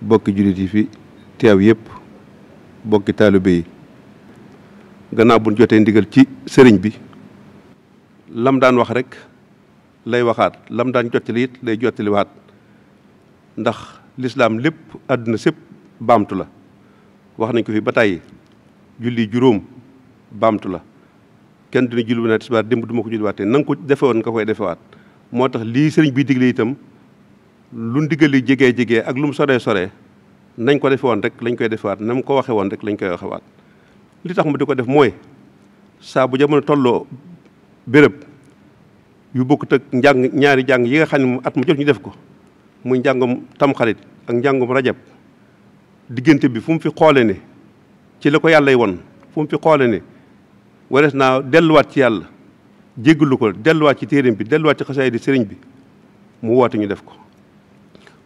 bokki jullit yi fi teew yëpp bokki taalibe yi gannaaw bu jotee ndigal ci sëriñ bi lam daan wax rek lay waxaat lam daan jottali it lay jottali waat ndax lislaam lépp àdduna sépp baamtu la wax nañ ko fi ba tàyyi julli juróom baamtu la kenn dina julli naa tisbaar démb du ma ko julliwaatee na nga ko defewoon nga koy defewaat moo tax lii sëriñ bi digle itam lu ndigal li jigee jigee ak lu mu soree soree nañ ko defe woon rek lañ koy defewaat na mu ko waxee woon rek lañ koy waxewaat li tax mu di ko def mooy saa bu jamono tolloo béréb yu bokkut ak njàng ñaari njàng yi nga xam ne at mu jot ñu def ko muy njàngum tamxarit ak njàngum rajab diggante bi fu mu fi xoole ne ci la ko yàllay woon fu mu fi xoole ne warees naa delluwaat ci yàlla jéggalu ko delluwaat ci téeréem bi delluwaat ci xasaay di sëriñ bi mu woote ñu def ko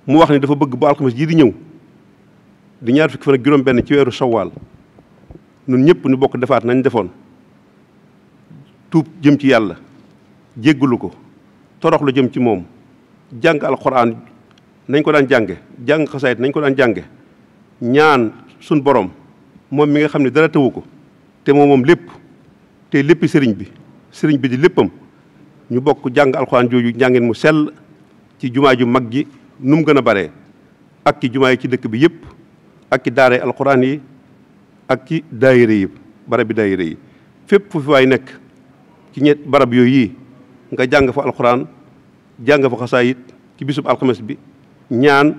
mu wax ni dafa bëgg bu alxames ji di ñëw di ñaar fukki fan ak juróom benn ci weeru sawaal nun ñëpp ñu bokk defaat nañ defoon tuub jëm ci yàlla jéggalu ko torox lu jëm ci moom jàng alxuraan nañ ko daan jànge jàng xasaayit nañ ko daan jànge ñaan sun borom moom mi nga xam ne dara tëwu ko te moom moom lépp te léppi sëriñ bi sëriñ bi di léppam ñu bokk jàng alxuraan jooju njàngeen mu sel ci jumaa ju mag ji nu mu gën a bare ak ci jumaa yi ci dëkk bi yëpp ak ci daaray alxuraan yi ak ci daayira yi barab bi daayira yi fépp fu fi waay nekk ci ñett barab yooyu nga jàng fa alxuraan jàng fa xasaayit ci bisub alxames bi ñaan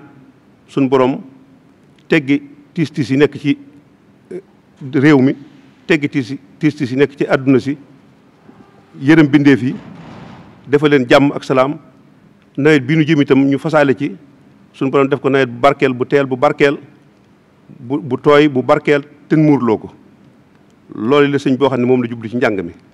suñ borom teggi tiis tiis yi nekk ci eh, réew mi teggi tiis tiis yi nekk ci àdduna si yërëm bindeef yi dafa leen jàmm ak salaam nawet bii nu jëm itam ñu fasaale ci suñu borom def ko nawet bu barkeel bu teel bu barkeel bu bu tooy bu barkeel te muurloo ko loolu la sëñ boo xam ne moom la jublu ci njàng mi